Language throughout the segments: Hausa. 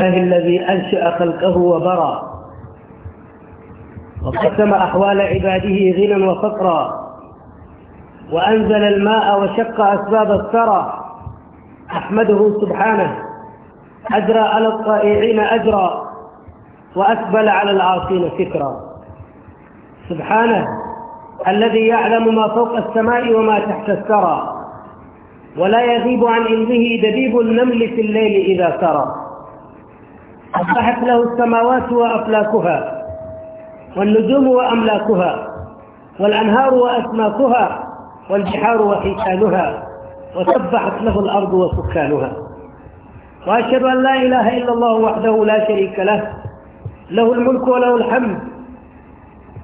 الله الذي أنشأ خلقه وبرى وقسم أحوال عباده غنى وفقرا وأنزل الماء وشق أسباب الثرى أحمده سبحانه أجرى على الطائعين أجرا وأسبل على العاصين فكرا سبحانه الذي يعلم ما فوق السماء وما تحت الثرى ولا يغيب عن علمه دبيب النمل في الليل إذا سرى أصبحت له السماوات وأفلاكها والنجوم وأملاكها والأنهار وأسماكها والبحار وحيتانها وسبحت له الأرض وسكانها وأشهد أن لا إله إلا الله وحده لا شريك له له الملك وله الحمد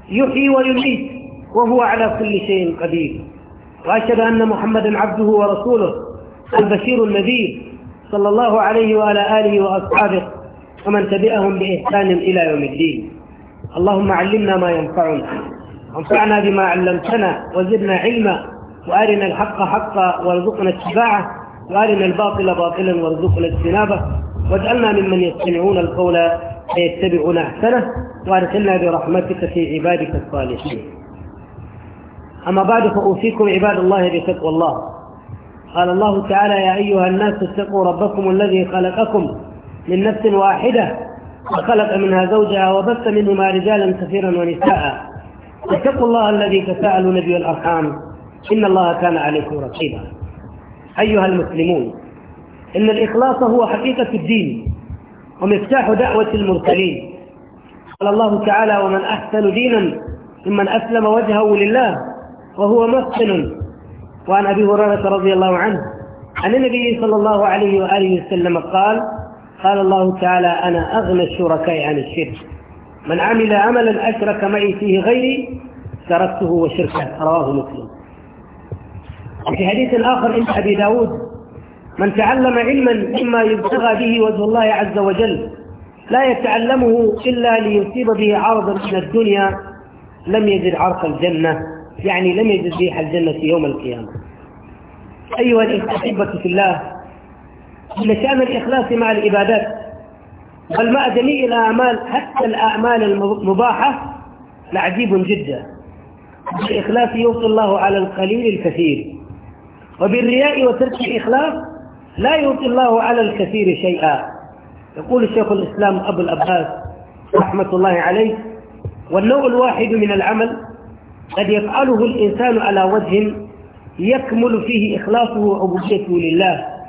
يحيي ويميت وهو على كل شيء قدير وأشهد أن محمدا عبده ورسوله البشير النذير صلى الله عليه وعلى آله وأصحابه ومن تبعهم بإحسان إلى يوم الدين اللهم علمنا ما ينفعنا وانفعنا بما علمتنا وزدنا علما وارنا الحق حقا وارزقنا اتباعه وارنا الباطل باطلا وارزقنا اجتنابه واجعلنا ممن يستمعون القول فيتبعون احسنه وارسلنا برحمتك في عبادك الصالحين اما بعد فاوصيكم عباد الله بتقوى الله قال الله تعالى يا ايها الناس اتقوا ربكم الذي خلقكم من نفس واحدة وخلق منها زوجها وبث منهما رجالا كثيرا ونساء اتقوا الله الذي تساءلوا نبي الأرحام إن الله كان عليكم رقيبا أيها المسلمون إن الإخلاص هو حقيقة الدين ومفتاح دعوة المرسلين قال الله تعالى ومن أحسن دينا ممن أسلم وجهه لله وهو محسن وعن أبي هريرة رضي الله عنه عن النبي صلى الله عليه وآله وسلم قال قال الله تعالى أنا أغنى الشركاء عن الشرك من عمل عملا أشرك معي فيه غيري تركته وشركه رواه مسلم وفي حديث آخر عند أبي داود من تعلم علما مما يبتغى به وجه الله عز وجل لا يتعلمه إلا ليصيب به عرضا من الدنيا لم يجد عرق الجنة يعني لم يجد ريح الجنة يوم القيامة أيها الأحبة في الله شأن الإخلاص مع العبادات بل مع جميع الأعمال حتى الأعمال المباحة لعجيب جدا بالإخلاص يوصي الله على القليل الكثير وبالرياء وترك الإخلاص لا يوصي الله على الكثير شيئا يقول الشيخ الإسلام أبو العباس رحمة الله عليه والنوع الواحد من العمل قد يفعله الإنسان على وجه يكمل فيه إخلاصه وعبوديته لله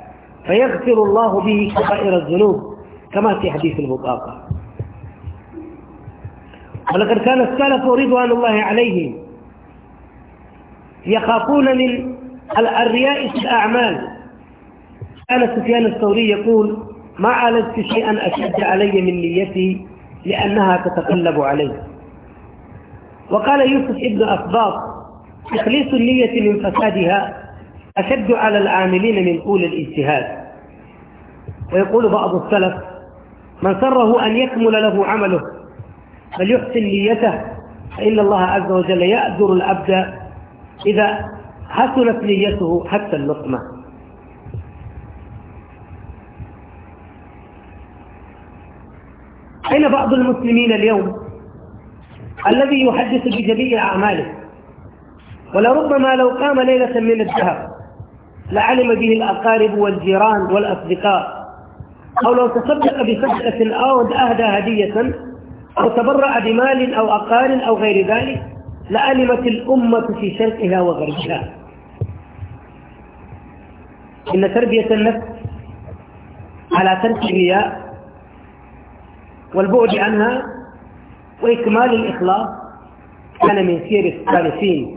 فيغفر الله به كبائر الذنوب كما في حديث البطاقة ولقد كان السلف رضوان الله عليهم يخافون من الرياء في الأعمال كان سفيان الثوري يقول ما عالجت شيئا أشد علي من نيتي لأنها تتقلب علي وقال يوسف ابن أخباط تخليص النية من فسادها أشد على العاملين من طول الاجتهاد ويقول بعض السلف من سره أن يكمل له عمله فليحسن نيته فإن الله عز وجل يأذر الأبد إذا حسنت نيته حتى اللقمة أين بعض المسلمين اليوم الذي يحدث بجميع أعماله ولربما لو قام ليلة من الذهب لعلم به الأقارب والجيران والأصدقاء أو لو تصدق بصدقة أو أهدى هدية أو تبرأ بمال أو أقار أو غير ذلك لعلمت الأمة في شرقها وغربها إن تربية النفس على ترك الرياء والبعد عنها وإكمال الإخلاص كان من سير الصالحين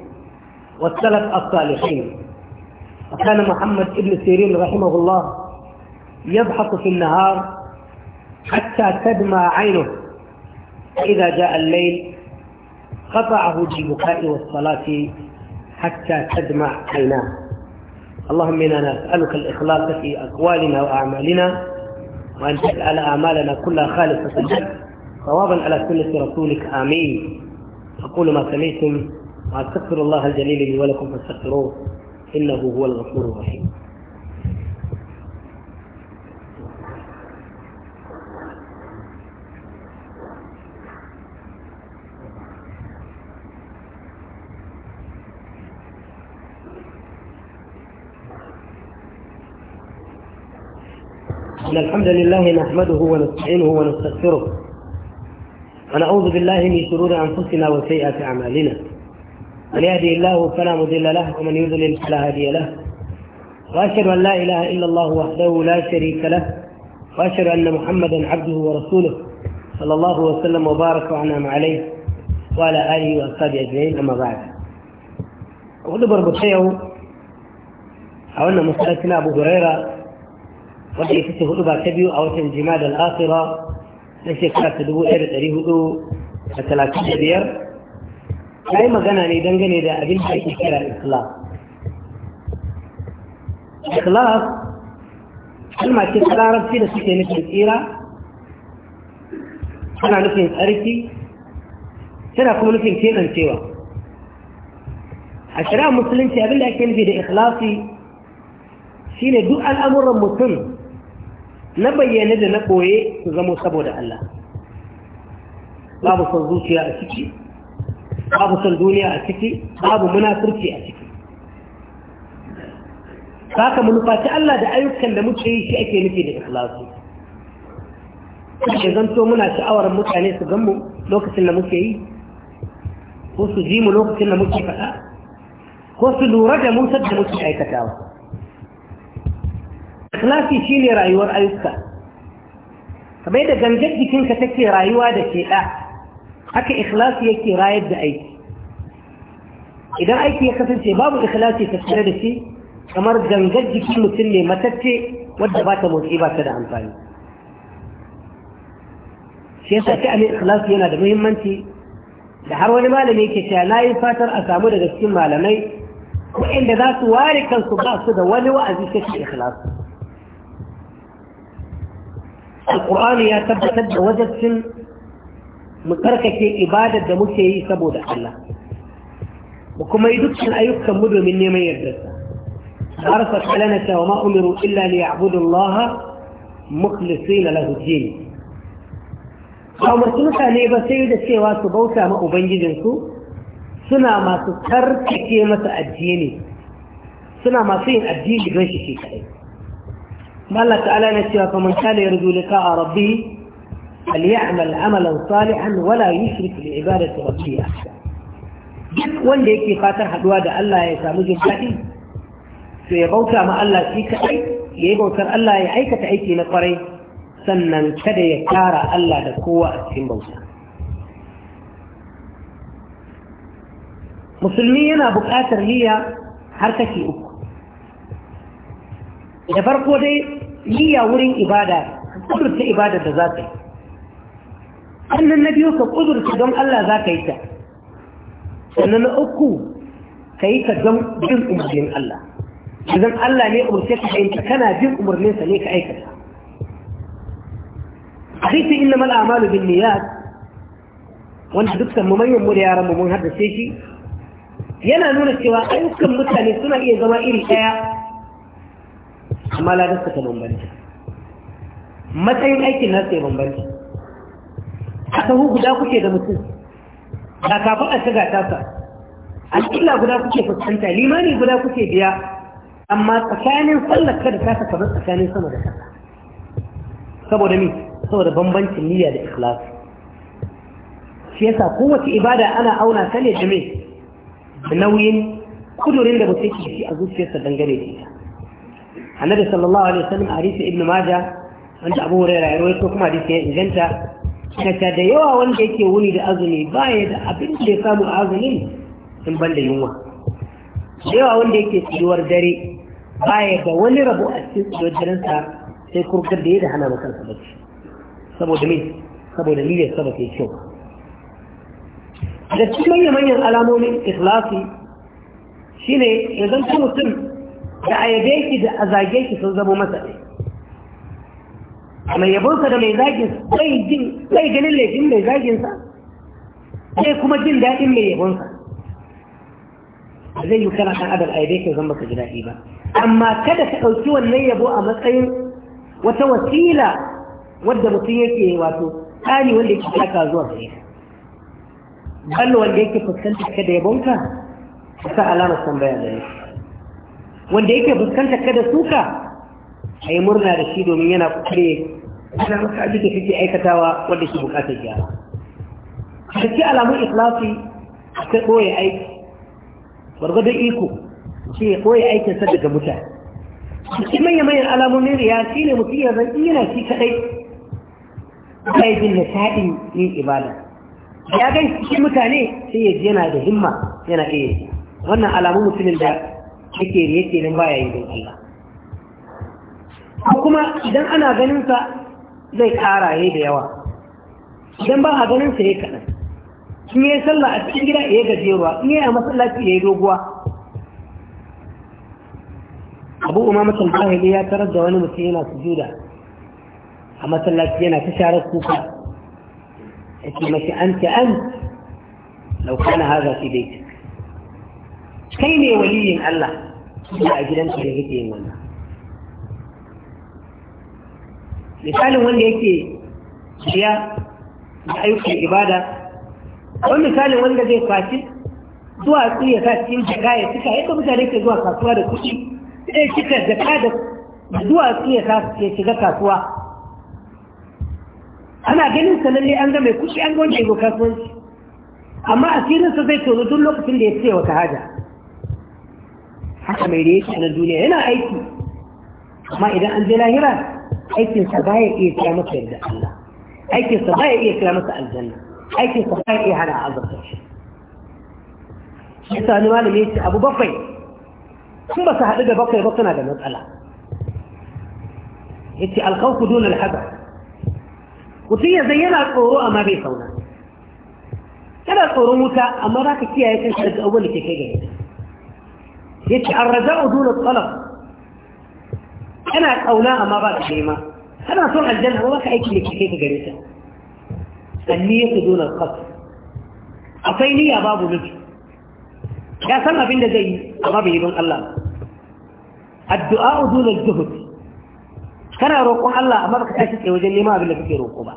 والسلف الصالحين وكان محمد بن سيرين رحمه الله يضحك في النهار حتى تدمع عينه فإذا جاء الليل قطعه بالبكاء والصلاة حتى تدمع عيناه اللهم إنا نسألك الإخلاص في أقوالنا وأعمالنا وأن تجعل أعمالنا كلها خالصة لك صوابا على سنة رسولك آمين أقول ما سمعتم وأستغفر الله الجليل لي ولكم فاستغفروه إنه هو الغفور الرحيم إن الحمد لله نحمده ونستعينه ونستغفره ونعوذ بالله من شرور أنفسنا وسيئة أعمالنا من يهدي الله فلا مضل له ومن يضلل فلا هادي له واشهد ان لا اله الا الله وحده لا شريك له واشهد ان محمدا عبده ورسوله صلى الله وسلم وبارك وانعم عليه وعلى اله واصحابه اجمعين اما بعد وقد بربطه او ان مسألتنا أبو هريرة wadda ita ce hudu او ta biyu الاخره ليس jima'a da al'asira na shekara ta ya yi magana ne dangane da abin da ake kira islam islam kalma ce ta larabci da suke nufin tsira tana nufin tsarki tana kuma nufin keɓancewa a shirya musulunci abin da ake nufi da ikhlasi shine duk al'amuran mutum na bayyane da na koye su zamo saboda Allah babu son zuciya a ciki babu son duniya a ciki babu munafurci a ciki saka manufaci Allah da ayyukan da muke yi shi ake nufi da ikhlasu zan zanto muna sha'awar mutane su ganmu lokacin da muke yi ko su ji mu lokacin da muke faɗa ko su lura da musar da muke aikatawa ikhlasi shine rayuwar ayyuka kamar da gangar jikinka take rayuwa da ke ɗa هكا إخلاص يكي رايد بأيك إذا أيك شي باب الإخلاص يتسردسي كمار زنجج كل سنة متتتي والدبات موجئبا سدى عن طالي شيخ أكأم إخلاص ينا ده مهم منتي لحروني مالمي كشالاي فاتر أسامو ده دستين مالمي وإن ذات واركا صباع صدى ولي شكي إخلاص القرآن يا تبتد وجد سن mu tsarkake ibadar da muke yi saboda Allah mu kuma yi dukkan ayyukan mu domin neman yardarsa arsa kalana ta wa ma umiru illa li ya'budu Allah mukhlisina lahu din ba umarci mutane ba sai da cewa su bauta ma ubangijinsu suna masu tsarkake masa addini suna masu yin addini don shi shi Allah ta'ala na cewa faman kana yarju a rabbi فليعمل عملا صالحا ولا يشرك بعبادة ربه wanda yake fatar haduwa da Allah ya samu jin daɗi to ya bauta ma Allah shi kaɗai ya yi bautar Allah ya aikata aiki na kwarai sannan kada ya kara Allah da kowa a cikin bauta musulmi yana buƙatar niyya har kashi uku da farko dai niyya wurin ibada kudurta ibadar da za ta yi sannan na biyu ka kudurta don Allah za ka yi ta sannan na uku ka yi ta don bin umarnin Allah idan Allah ne umarce ka ayyuka kana bin umarninsa ne ka aikata hadisi innamal a'malu bin niyyat wanda dukkan mu manyan mu da yaran mu mun haddace shi yana nuna cewa ayyukan mutane suna iya zama iri ɗaya amma ladarsa ta bambanta matsayin aikin nasu ya bambanta a sahu guda kuke da mutum da kafin a shiga tasa alƙilla guda kuke fuskanta limani guda kuke biya amma tsakanin sallar ka da tasa kamar tsakanin sama da kasa saboda mi saboda bambancin niyya da ikhlas shi yasa kowace ibada ana auna ta ne da me da nauyin kudurin da mutum ke shi a zuciyarsa dangane da ita annabi sallallahu alaihi wasallam a hadisi ibn majah wanda abu hurairah ya rawaito kuma hadisi ya inganta daga da yawa wanda yake wuni da azumi baya da abin da ya samu a azumin in ban da yunwa da yawa wanda yake tsiruwar dare baya da wani rabu a cikin tsiriwar darensa sai kurkar da ya da hana makar bacci saboda mai saboda miliyar sa ba ta kyau da cikin manyan manyan alamomin ikhlasi shine ya zanto mutum da a ki da a zage ki sun zama masa ɗaya mai yabonsa da mai zagin sai jin sai ganin laifin mai zaginsa sai kuma jin daɗin mai yabonsa zai yi kana ɗan adal a yabe ka zan baka ji daɗi ba amma kada ka ɗauki wannan yabo a matsayin wata wasila wadda mutum yake wato tsari wanda yake taka zuwa gare ka wanda yake fuskantar ka da yabonka ka sa alamar tambaya gare wanda yake fuskantar ka da suka a yi murna da shi domin yana kare yana maka abin da suke aikatawa wanda shi bukatar gyara a ke alamun ikhlasi akwai ɓoye aiki gwargwadon iko ce ɓoye aikinsa daga mutane cikin manya-manyan alamomin riya shi ne mutum ya zan yana shi kaɗai ba ya jin nishaɗin yin ibada ya gan cikin mutane sai ya yana da himma yana iya wannan alamun mutumin da yake riye nan baya yi don Allah ko kuma idan ana ganin sa zai kara yayi da yawa idan ba a ganin sa yayi kaɗan in yayi sallah a cikin gida yayi gajeruwa in yayi a masallaci yayi doguwa abu umama al ya tarar da wani mutum yana sujuda a masallaci yana ta share kuka yake mace an ta an lau kana haza fi baitik kai ne waliyin Allah da a gidan da yake yin wannan misalin wanda yake siya da aiki ibada wani misalin wanda zai fashi zuwa ya sa cikin shiga ya cika yadda mutane ke zuwa kasuwa da kuɗi sai cika jaka da zuwa ya sa ya shiga kasuwa ana ganin sananne an ga mai kuɗi an ga wanda ya zo kasuwanci amma asirinsa zai tono duk lokacin da ya ce wata haja haka mai da yake na duniya yana aiki amma idan an je lahira ايكي صباي ايه كلامك للدخلة ايكي صباي ايه كلامك الجنة ايكي صباي ايه على عرض الخشن حتى انا مالي ميت ابو بقي ثم بس هلقى بقي بطن هذا مسألة انت الخوف دون الحذر وتيه زينا القروء ما بي صونا كلا القروء موتا اما راك تيه يتنسى الاول كي كي جاي يتي الرجاء دون الطلب أنا أولاء ما بعد شيما أنا صلح الجنة ولا كأيك اللي كيف قريتها النية دون القصر أطيني أباب لك يا سلم بند زي أباب يدون الله الدعاء دون الزهد كان روكو الله أما بك تأشيك وجل ما بلا لك في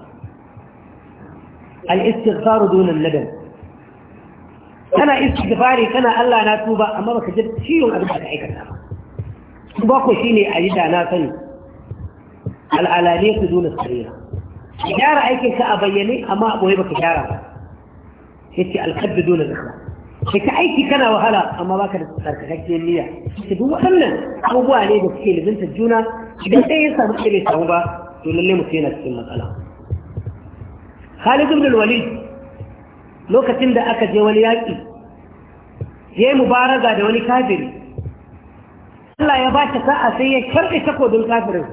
الاستغفار دون الندم كان استغفاري كان الله ناتوبة أما بك جد شيء أبدا تعيك النار su ba ku ne a yi da na sani al'alaliyar su dole tsariya ka gyara aikin ka a bayyane amma a ɓoye baka gyara ba ce alkaddu dole zaka. sai ka aiki kana wahala amma ba ka da tsarkakakken niyya ta duk waɗannan abubuwa ne da suke lizinta juna idan ɗaya ya samu ɗaya bai samu ba to lalle mutum yana cikin matsala Khalid ibn Walid lokacin da aka je wani yaƙi yi mubaraza da wani kafiri Allah ya ba ta sa'a sai ya karɓe takobin kafirin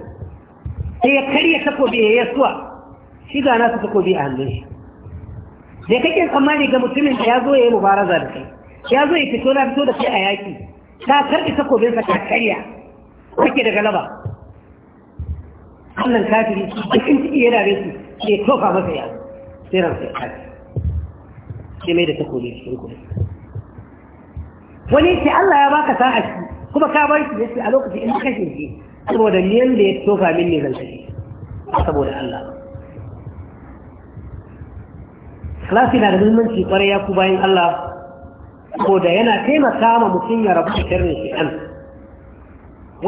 sai ya karya takobi ya yasuwa shi ga nasu takobi a hannun shi da kake tsammani ga mutumin da ya zo ya yi mubaraza da kai ya zo ya fito na fito da kai a yaƙi ta karɓe takobinsa ta karya kake da galaba wannan kafiri cikin ciki yana da su ke tofa masa ya sai ran sai kafi sai mai da takobi cikin kuma wani ce Allah ya baka sa'a shi kuma ka bar shi yace a lokacin in kashe shi saboda niyan da ya tofa min ne zan saboda Allah Ikhlasi na da muhimmanci kwarai ya ku bayan Allah saboda yana taimaka ma mutum ya rabu da sharrin shi'an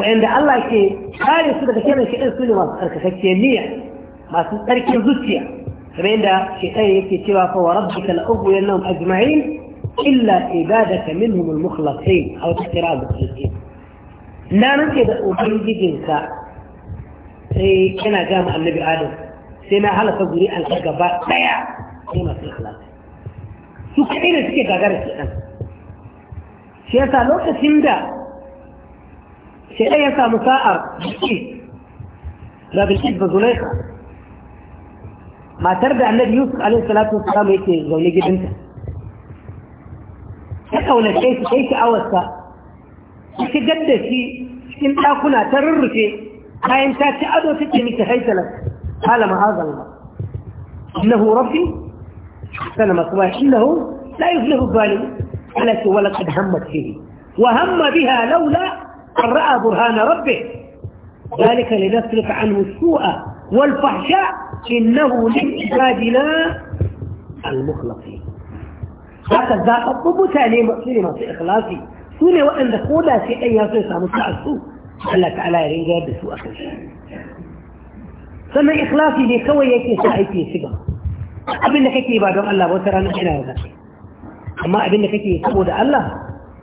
wa'anda Allah ke kare su daga shi shi'an su ne masu tsarkakakke niyya masu tsarkin zuciya kamar yadda shi'an yake cewa fa wa kala la'ubu yannan ajma'in illa ibadaka minhum al-mukhlasin aw taqra bi na rike da ubangijinka sai yana gama annabi adam sai na halaka guri an ka gaba daya sai masu ikhlas su kaɗai da suke gagara ke ɗan shi yasa lokacin da shaidan ya samu sa'a jiki da bilkis da zulaika matar da annabi yusuf alaihi salatu wasalam yake zaune gidanta ya kaunace shi shi awarsa ta shigar da shi cikin ɗakuna ta rurrufe bayan ta ci ado ta ce miki haitala kala ma'azan ba innahu rabbi sana masu ba innahu la yuflihu zalim ala ce wala kad hammat fihi wa hamma biha laula an ra'a burhana rabbi ذلك لنصرف عنه السوء والفحشاء إنه من عبادنا المخلصين هكذا الضبط تاني مؤسسين في إخلاصي su ne waɗanda ko da sai ɗan ya so ya samu a su Allah ta'ala ya ringa da su a kan shi sannan ikhlasi ne kawai yake sa aiki ya shiga abin da kake ba don Allah wata rana ina ya zafi amma abin da kake saboda Allah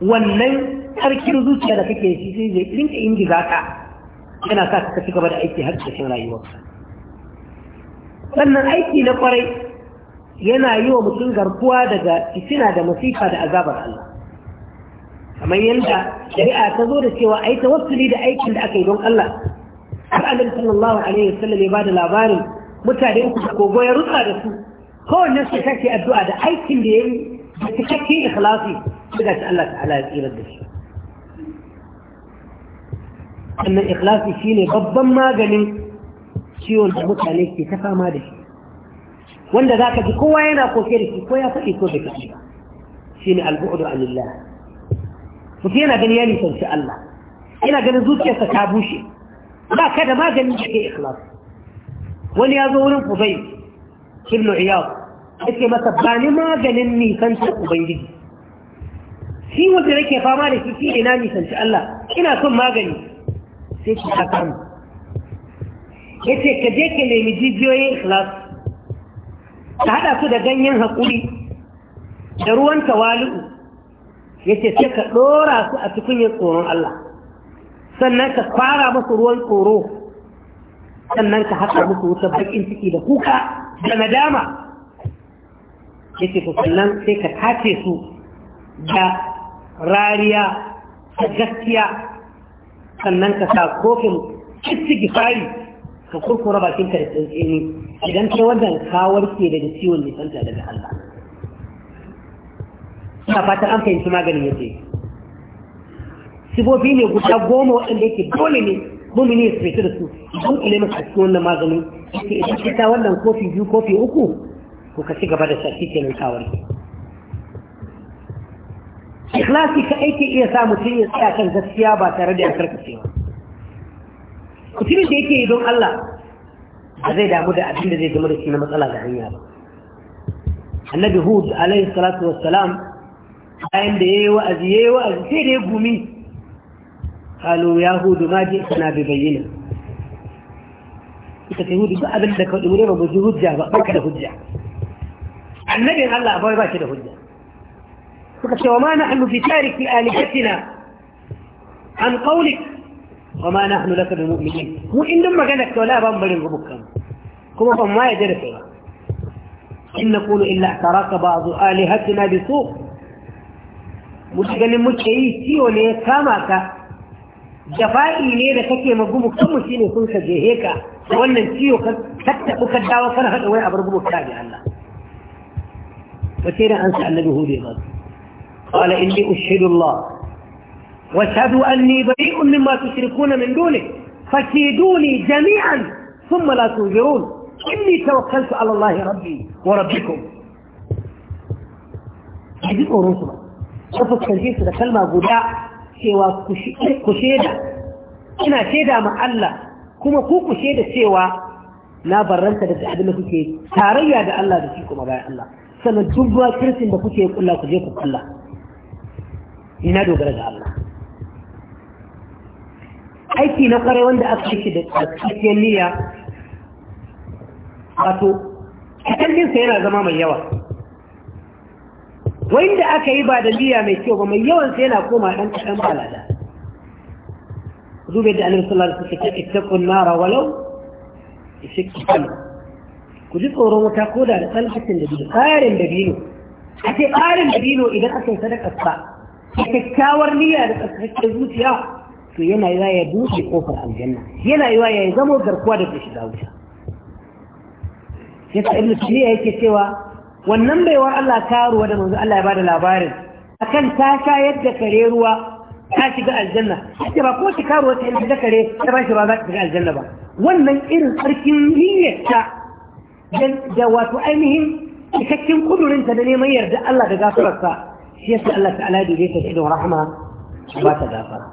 wannan tsarkin zuciya da kake shi sai zai rinka ingiza ka yana sa ka ci gaba da aiki har cikin rayuwarka sannan aiki na kwarai yana yi wa mutum garkuwa daga fitina da masifa da azabar Allah kamar yadda shari'a ta zo da cewa ai tawassuli da aikin da aka yi don Allah har annabi sallallahu alaihi wasallam ya bada labarin mutane uku da kogo ya rutsa da su kowanne su kake addu'a da aikin da yayi da cikakken ikhlasi daga ta Allah ta'ala ya tsira da shi annan ikhlasi shine babban maganin ciwon da mutane ke ta fama da shi wanda zaka ji kowa yana koke da shi ko ya faɗi ko bai faɗi ba shine al-bu'du anillah mutum yana gani ya nisanci Allah yana ganin zuciyarsa ta bushe ba ka da maganin da ke ikhlas wani ya zo wurin Fudayl ibn Iyad yake masa ba ni maganin nisanci ubangiji shi wanda nake fama da shi shi ina nisanci Allah ina son magani sai ki ta kama yace ka je ka nemi jijiyoyin ikhlas ka haɗa su da ganyen haƙuri da ruwan tawali'u yace sai ka dora su a cikin tsoron Allah sannan ka fara musu ruwan tsoro sannan ka haɗa musu wuta bakin ciki da kuka da nadama yace to sannan sai ka tace su da rariya da gaskiya sannan ka sa kofin cikin fari ka kurkura bakin ka da tsantseni idan ta wannan kawar ke daga ciwon nisanta daga Allah ina fatan an fahimci maganin yace sifofi ne guda goma waɗanda yake dole ne mumini ya fita da su don kule masa cikin wannan maganin yake idan ka ta wannan kofi biyu kofi uku ko ka ci gaba da shi kenan kawar ikhlasi ka aiki iya sa mutum ya tsaya kan gaskiya ba tare da ya cewa. mutumin da yake yi don Allah ba zai damu da abin da zai zama da shi na matsala da hanya ba annabi hud alaihi salatu wassalam قالوا يا هود ما جئتنا ببينه انت في هود بقى بل دكو دوري بقى بقى لهود النبي قال الله ابوي باش لهود جا وما نحن في تارك آلهتنا عن قولك وما نحن لك بمؤمنين مو ان لما قالك ولا بامبرين ربكم كما فما ما يدرسوا إن نقول إلا اعتراك بعض آلهتنا بسوء muke ganin muke yi ciwo ne ya kama ka jafa'i ne da kake magumu kanmu shi ne sun ka jehe ka da wannan ciwo ka tattaɓu ka dawo kana haɗa wai a bar gumu ka ji Allah wace da an sa annabi hudu ba qala inni ushidu Allah wa shahadu anni bari'un mimma tushrikuna min duni fakiduni jami'an thumma la tunzirun inni tawakkaltu ala Allah rabbi wa rabbikum ji tsoron su ba ya fuskanci su da kalma guda cewa ku shaida ina shaida ma Allah kuma ku ku shaida cewa na barranta da abin da kuke tarayya da Allah da shi kuma bayan Allah sannan duk ruwa kirsin da kuke kulla ku je ku kulla ina dogara da Allah aiki na kare wanda aka shi da tsakiyar niyya wato a sa yana zama mai yawa wanda aka yi ba da niyya mai kyau ba mai yawan sai yana koma dan kadan balada zube da annabi sallallahu alaihi wasallam yake ittaqun nara walau ishikki ku ji tsoron wuta ko da da tsalhatin da biyu tsarin da biyu a ce tsarin da biyu idan aka yi sadaka sa a kyakkyawar niyya da tsarkakken zuciya to yana yi ya buɗe kofar aljanna yana yi ya zama garkuwa da ta shiga wuta yasa ibn tuniya yake cewa wannan baiwar Allah ta ruwa da manzo Allah ya bada labarin akan ta sha yadda kare ruwa ta shiga aljanna ake ba ko shiga ruwa ta yadda kare ta ba shi ba za ta shiga aljanna ba wannan irin tsarkin niyyarta da wato ainihin cikakken kudurinta da neman yarda Allah da gafararsa shi yasa Allah ta'ala da ta shi don rahama ba ta gafara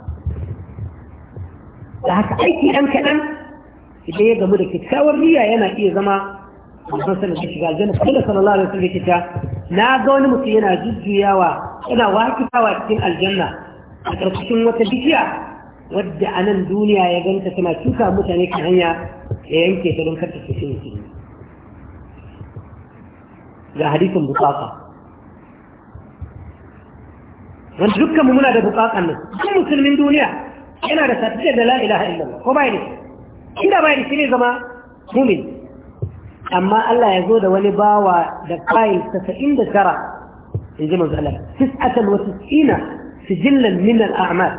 da haka aiki ɗan kaɗan idan ya gamu da kyakkyawar niyya yana iya zama manzon sallallahu alaihi shiga aljanna kuma sallallahu alaihi wasallam yake ta na ga wani mutum yana jujjuyawa yana wakitawa cikin aljanna a ƙarƙashin wata bishiya wadda a nan duniya ya ganta tana cuka mutane kan hanya ya yanke ta don karta su shi ga hadisin bukaka wanda dukkan mu muna da bukakan nan duk musulmin duniya yana da satiyar da la ilaha illallah ko bai da shi inda bai da shi ne zama mumin amma Allah ya zo da wani bawa da kayan tasa'in da tara in ji manzo Allah tis'atan wa tis'ina sijillan min al-a'mal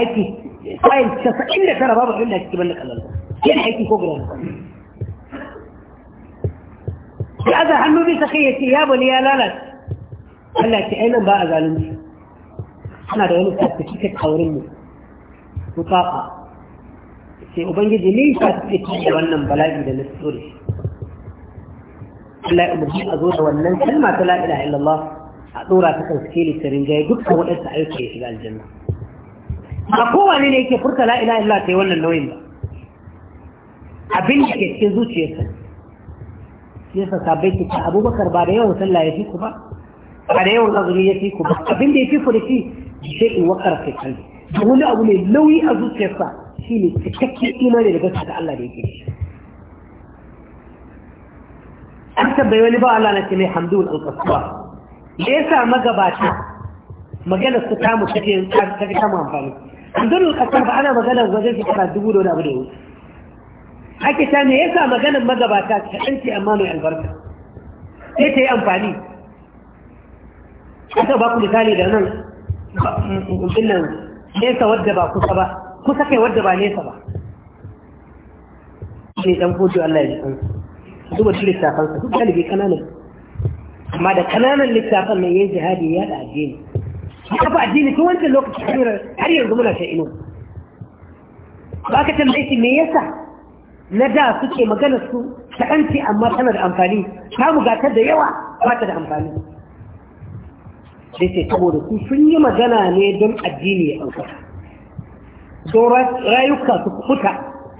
aiki kayan tasa'in da tara babu inda cikin wannan kallon yana aiki ko gudan sai aza hannu bisa kai ya ce ya bani ya lalata Allah ce ainihin ba a zalunci ana da wani tasiri ta kaurin mu mutafa sai ubangiji ne ya ta fi da wannan bala'i da na Allah ya umarci a zo da wannan kalma ta la ilaha illallah a dora ta kanske ne tarin gaya dukkan waɗansu aiki ya shiga aljanna ba kowane ne yake furta la ilaha illallah sai wannan nauyin ba abin da ke cikin zuciyarsa shi yasa sabai ke ta abubakar ba da yawan sallah ya fi ku ba ba da yawan azumi ya fi ku ba abin da ya fi ku da shi shi in wakar kai kalbi da wani abu ne nauyi a zuciyarsa shi ne cikakken imani da gaskiya ga Allah da yake an tabbai wani ba Allah na ce mai hamdun alƙasuwa da ya sa magabata maganar su ta ta ce ta fi kama amfani hamdun alƙasuwa ba ana maganar wajen shi kara dubu da wani abu da yau ake ta ne ya sa maganar magabata ta ɗan amma mai albarka sai ta yi amfani aka ba ku misali da nan ɗin nan nesa wadda ba kusa ba kusa kai wadda ba nesa ba ne dan fojo Allah ya ji kansa duba shi littafansa duk galibi kananan amma da kananan littafan nan yayin jihadi ya da addini ya ba addini tun wancan lokaci har yanzu muna ta ino ba ka tambaye shi me yasa na da suke magana su ta kanci amma tana da amfani ta mu da yawa ba ta da amfani sai sai saboda su sun yi magana ne don addini ya ɗaukaka sauran rayuka su kuta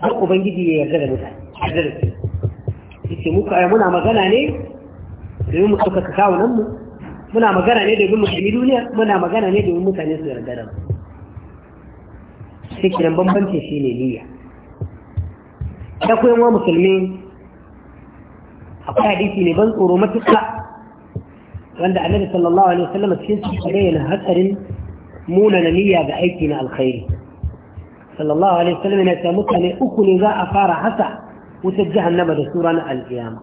har ubangiji ya yarda da mutane yarda da su yake muka ya muna magana ne domin mu kawo nan mu muna magana ne domin yi duniya muna magana ne domin mutane su yarda da mu sai kiran bambanci shi ne niyya ya koyan wa musulmi akwai hadisi ne ban tsoro matuƙa wanda annabi sallallahu alaihi wasallam cikin su ne hatsarin muna niyya ga aiki na alkhairi sallallahu alaihi wasallam yana cewa mutane uku ne za a fara hasa wutar jahannama da su ranar alkiyama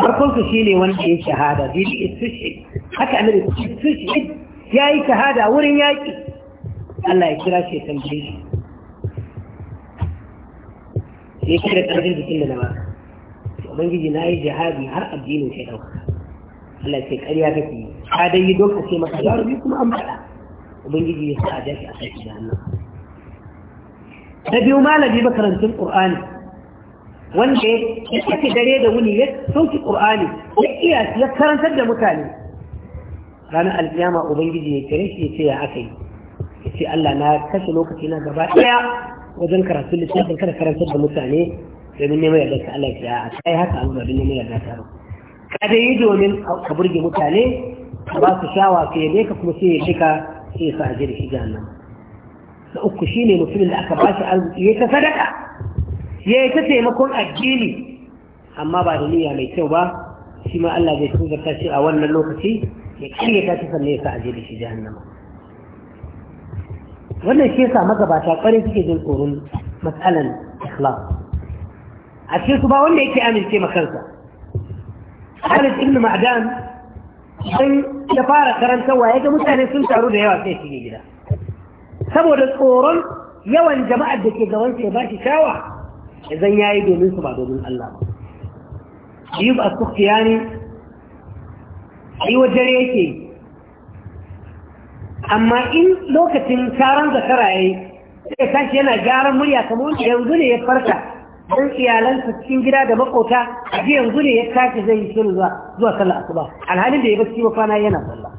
farkon su shine wanda ya shahada bi istishi haka annabi istishi yayi shahada wurin yaki Allah ya kira shi tambaye shi ya kira karfin jikin da na baka ubangiji na yi jihadi har addinin sai ɗauka Allah sai ƙarya ka kuma an faɗa a jashi a na biyu malami makarantun ƙur'ani wanda ya tafi dare da wuni ya sauki ƙur'ani ya iya ya karantar da mutane ranar alkiyama ubangiji ya kire shi ya ce ya aka yi ya ce Allah na kashe lokaci na gaba ɗaya wajen karatun littafin kada karantar da mutane domin neman yarda ta Allah ya a kai haka an domin neman yarda ta ka dai yi domin ka burge mutane ka ba su shawa ka yabe ka kuma sai ya shika sai ya sa a jira shi jahannama na uku shine mutumin da aka bashi arziki ya ta sadaka ya ta taimakon addini amma ba da niyya mai kyau ba shi ma Allah zai tuzarta shi a wannan lokaci ya karyata ta sannan ya sa aje da shi jahannama wannan shi yasa magabata kwarai suke jin tsoron matsalan ikhlas a cikin su ba wanda yake amince ma kansa Khalid ibn Ma'dan sai ya fara karantarwa ya ga mutane sun taru da yawa sai shige gida saboda tsoron yawan jama'ar da ke gabansa ya ba shi shawa idan ya yi domin su ba domin Allah ba. Ayub a Sufiyani, ayi dare yake amma in lokacin taron zakara ya yi sai tashi yana gyaran murya kamar wanda yanzu ne ya farka don iyalansa cikin gida da maƙota, a yanzu ne ya tashi zai yi shirin zuwa sallah asuba alhalin da ya bacci ba kwana yana sallah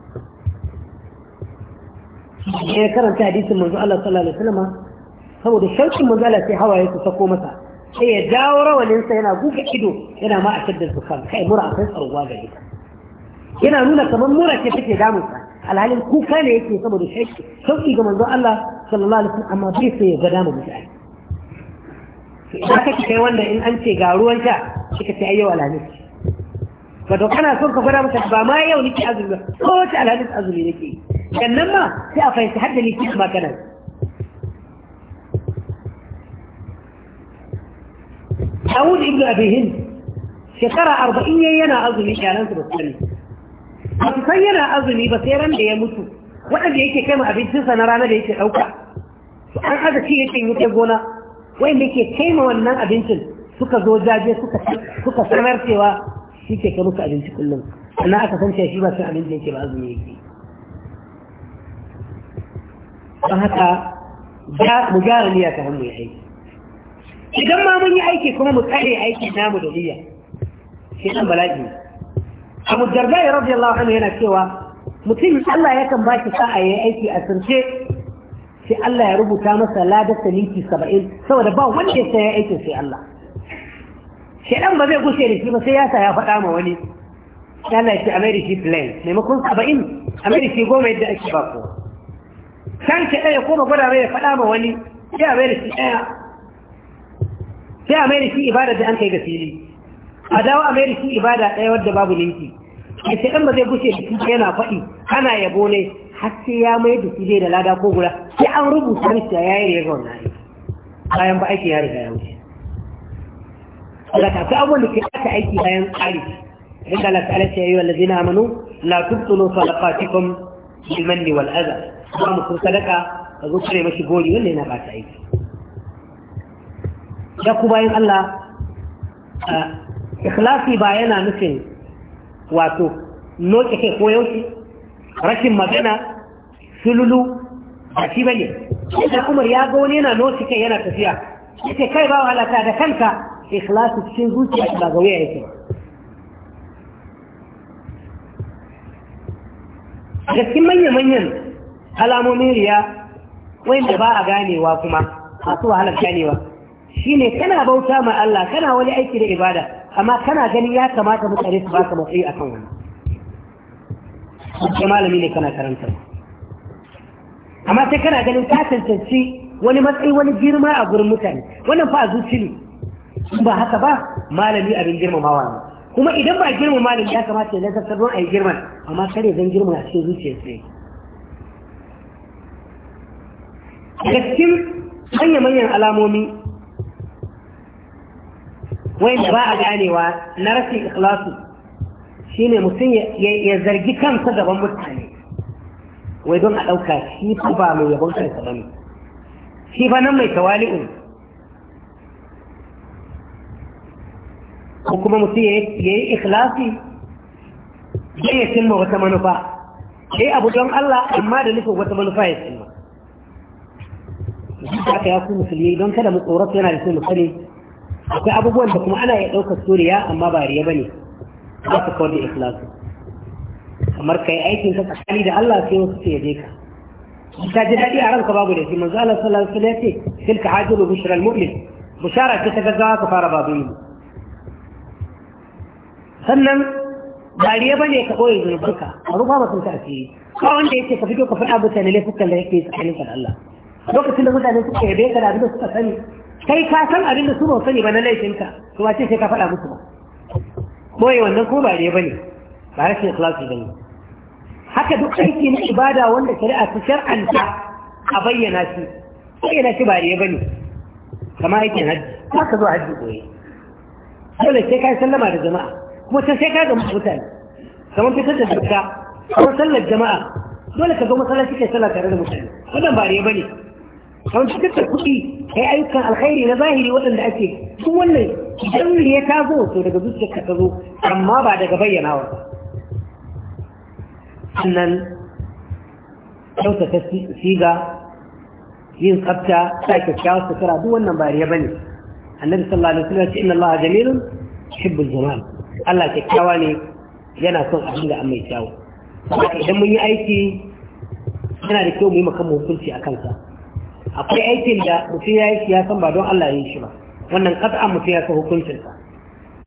ya karanta hadisin manzo Allah sallallahu alaihi wasallam saboda shaukin manzo Allah sai hawaye su sako masa sai ya dawo rawanin sa yana guga ido yana ma a shaddar zukan kai mura akwai tsaruwa ga ita yana nuna kamar mura ce take damun sa alhalin kuka ne yake saboda shauki sauki ga manzo Allah sallallahu alaihi wasallam amma bai sai ya ga damun mutane idan kake kai wanda in an ce ga ruwan sha kika ce ayyau alhamis ba to kana son ka gwada maka ba ma yau nake azumi ba ko ta alhamis azumi nake yi كان كنما سأفا يتحدى لي ما كان حاول ابن أبي هند شكرا أربعين ينا أظني شالان سبسلني أتصينا أظني بسيرا ليموتوا وأنا بيكي كما أبي سيسا نرانا بيكي أوكا وأنا هذا شيء يكي يتبونا وين بيكي كيما وانا أبي سيسا سكا زوجاجي سكا سكا سمرتي و شيء يكي كمسا أبي سيسا كلهم أنا أتصنشي شيء بسيرا أبي سيسا أظني يكي don haka mu gyara niyya kamar mu yi aiki idan ma mun yi aiki kuma mu tsare aiki namu da niyya shi dan bala'i abu darda radiyallahu hannu yana cewa mutum Allah yakan ba shi sa'a ya yi aiki a sirce shi Allah ya rubuta masa ladar saliki saba'in saboda ba wanda ya saya aikin sai Allah shi shaidan ba zai gushe da shi ba sai ya sa ya faɗa ma wani Allah ya ce a mai da plan maimakon saba'in a goma yadda ake ba kowa kan ɗaya koma gwada mai ya faɗa ma wani sai a mai da shi ɗaya sai a mai da shi ibada da an kai ga fili a dawo a mai da shi ibada ɗaya wadda babu linki a shi ɗan ba zai gushe da shi yana faɗi ana yabo ne har sai ya mai da shi zai da lada ko guda sai an rubuta mishi ya yi riga wannan aiki bayan ba aiki ya riga ya wuce daga tafi abubuwan da ke aka aiki bayan tsari inda Allah ta'ala ya yi wa lazina amanu la tubtulu sadaqatikum bil wal'azar kuma mu kun sadaka ka zo cire mashi gori wanda yana ba ta aiki ya ku bayan Allah ikhlasi ba yana nufin wato noke kai ko yaushe rashin magana sululu ba shi bane idan Umar ya ga wani yana noke kai yana tafiya ita kai ba halaka da kanka ikhlasi cikin zuciya ba ga waya yake gaskin manya-manyan alamomin riya wanda ba a ganewa kuma masu wahalar ganewa ne kana bauta ma Allah kana wani aiki da ibada amma kana ganin ya kamata mutane su baka matsayi a kan wani kuma malami ne kana karanta amma sai kana ganin ka tantance wani matsayi wani girma a gurin mutane wannan fa a zuci ne ba haka ba malami abin girmamawa ne kuma idan ba girma malami ya kamata ya nazartar don a yi girman amma kare zan girma a cikin zuciyarsa daga cikin manya-manyan alamomi wai ba a ganewa na rashin ikhlasu ne mutum ya zargi kansa gaban mutane wai don a ɗauka shi fi ba mai yabon kansa ba ne shi fa nan mai tawali'u? ko kuma mutum ya yi ikhlasi zai ya cimma wata manufa yi abu don Allah amma da nufin wata manufa ya cimma duk da aka ya ku musulmi don kada mu tsorata yana da sai mu sani akwai abubuwan da kuma ana iya ɗaukar suriya amma ba riya bane za su kawar da ikhlasu kamar kai aikin ka tsakani da Allah sai wasu su yabe ka ta ji daɗi a ranka babu da shi manzo Allah sallallahu alaihi wasallam ya ce tilka hajiru bushral mu'min bushara ce ta gaggawa ka fara babu ne sannan dariya ba ne ka ɓoye zunubanka a rufa ba sun ta asiri kawai wanda yake ka fito ka faɗa mutane laifukan da yake tsakaninka da Allah lokacin da mutane suka yabe ka da abin da suka sani kai ka san abin da su ba sani ba na laifinka to ba ce sai ka faɗa musu ba boye wannan ko ba ne Ba ne ba rashin ikhlasi ne haka duk aiki na ibada wanda shari'a ta shar'anta a bayyana shi bayyana shi ba ne ne kamar aikin hajji ka zo hajji boye dole sai ka sallama da jama'a kuma sai sai ka ga mutane kamar fitar da dukka, kamar sallar jama'a dole ka zo masallaci kai sallar tare da mutane wannan ba ne ne don fitar da kuɗi kai yi ayyukan alkhairi na zahiri waɗanda ake su wannan idan ya ta zo to daga zuciya ka zo amma ba daga bayyanawa ba sannan kyautata siga yin tsafta sa kyakkyawar sutura duk wannan ba riya bane annabi sallallahu alaihi wasallam ce inna allaha jamilun yuhibbul jamal Allah kyakkyawa ne yana son abin da an mai kyawu idan mun yi aiki yana da kyau mu yi makan hukunci a kansa akwai aikin da mutum ya yi siyasa ya san ba don Allah ya yi shi ba wannan kasa mutum ya san hukuncinsa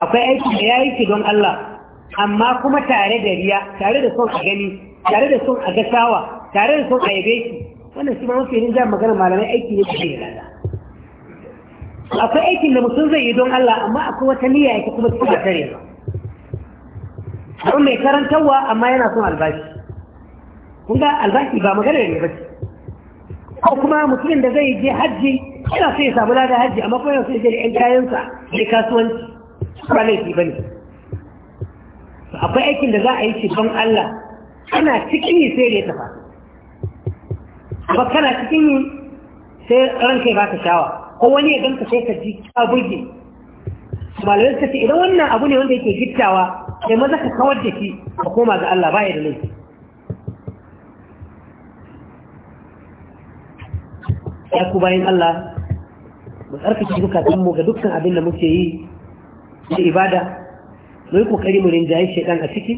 akwai aikin da ya yi shi don Allah amma kuma tare da riya tare da son a gani tare da son a gasawa tare da son a yabe shi wannan shi ma mafi yin jan magana malamai aiki ne kuke lada akwai aikin da mutum zai yi don Allah amma akwai wata niyya yake kuma cikin tare ba don mai karantarwa amma yana son albashi kun ga albashi ba magana ne ba ce ko kuma mutumin da zai je hajji yana sai ya samu lada hajji amma kuma sai je da yan kayansa da kasuwanci ba laifi ne akwai aikin da za a yi shi don Allah Kana cikin yi sai ya tafa ba kana cikin yi sai ranka ba ka shawa ko wani ya ganka sai ka ji ka burge Malamin suka ce idan wannan abu ne wanda yake gittawa sai maza ka kawar da shi ka koma ga Allah ba ya da laifi ya ku bayan Allah mu tsarkake zukatan mu ga dukkan abin da muke yi da ibada mu yi kokari mu rinjaye shaidan a ciki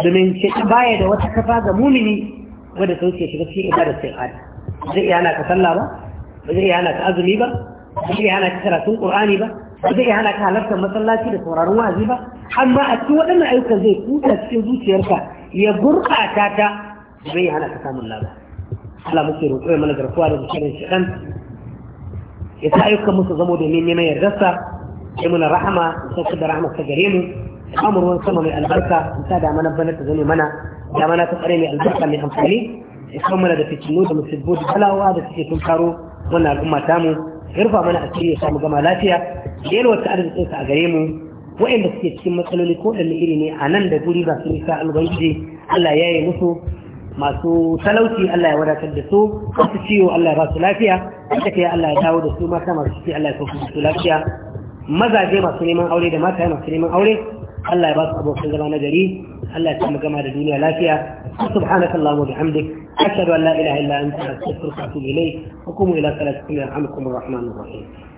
domin shaidan baya da wata kafa ga mumini wadda ta wuce shiga cikin ibada sai ada zai iya hana ka sallah ba ba zai iya hana ka azumi ba ba zai iya hana ka karatun qur'ani ba ba zai iya hana ka halartar masallaci da sauraron wa'azi ba amma a cikin waɗannan ayyukan zai kuta cikin zuciyarka ya gurɓata ta zai iya hana ka samun lada Allah muke roƙo ya mana garkuwa da shirin shaɗan ya sa ayyukan musu zamo domin neman yardarsa ya muna rahama ya sauƙi da rahama ta gare mu samun ruwan sama mai albarka Ya sa da mana bana ta zane mana da mana ta tsare mai albarka mai amfani ya kawo mana da fitinu da musibbu da talawa da suke tun karo wannan al'umma tamu ya rufa mana cikin ya samu gama lafiya da wata arziki a gare mu da suke cikin matsaloli ko ɗanne iri ne a nan da guri ba su nisa Allah ya yi musu masu talauci Allah ya wadatar da su masu ciwo Allah ya ba su lafiya take ya Allah ya dawo da su mata masu ciki Allah ya kawo su lafiya mazaje masu neman aure da mata masu neman aure Allah ya ba su abokan zama na gari Allah ya samu gama da duniya lafiya subhanak allahumma bihamdik ashhadu an la ilaha illa anta astaghfiruka wa atubu ilayk wa qumu ila salatikum yarhamukum arrahmanur rahim